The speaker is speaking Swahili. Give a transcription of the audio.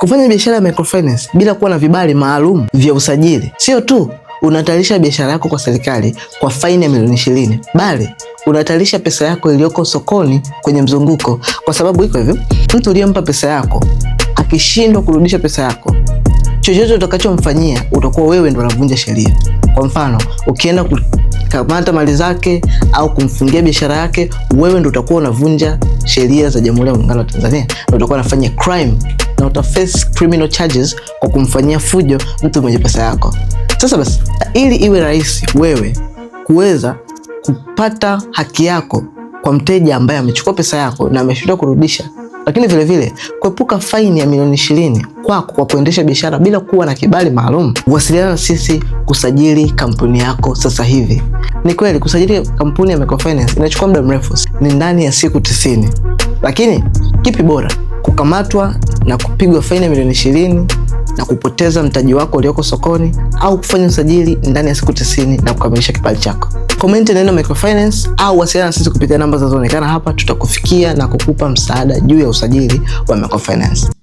Kufanya biashara ya microfinance bila kuwa na vibali maalum vya usajili, sio tu unahatarisha biashara yako kwa serikali kwa faini ya milioni ishirini, bali unahatarisha pesa yako iliyoko sokoni kwenye mzunguko, kwa sababu iko hivyo, mtu uliyempa pesa yako akishindwa kurudisha pesa yako chochote utakachomfanyia utakuwa wewe ndo unavunja sheria. Kwa mfano ukienda kamata mali zake au kumfungia biashara yake, wewe ndio utakuwa unavunja sheria za Jamhuri ya Muungano wa Tanzania, na utakuwa unafanya crime na face criminal charges kwa kumfanyia fujo mtu mwenye pesa yako. Sasa basi, ili iwe rahisi wewe kuweza kupata haki yako kwa mteja ambaye amechukua pesa yako na ameshindwa kurudisha, lakini vilevile kuepuka faini ya milioni ishirini kwako kwa kuendesha biashara bila kuwa na kibali maalum, wasiliana na sisi kusajili kampuni yako sasa hivi. Ni kweli kusajili kampuni ya microfinance inachukua muda mrefu, ni ndani ya siku 90, lakini kipi bora, kukamatwa na kupigwa faini ya milioni ishirini na kupoteza mtaji wako ulioko sokoni au kufanya usajili ndani ya siku tisini na kukamilisha kibali chako? Komenti neno microfinance au wasiliana na sisi kupitia namba zinazoonekana hapa, tutakufikia na kukupa msaada juu ya usajili wa microfinance.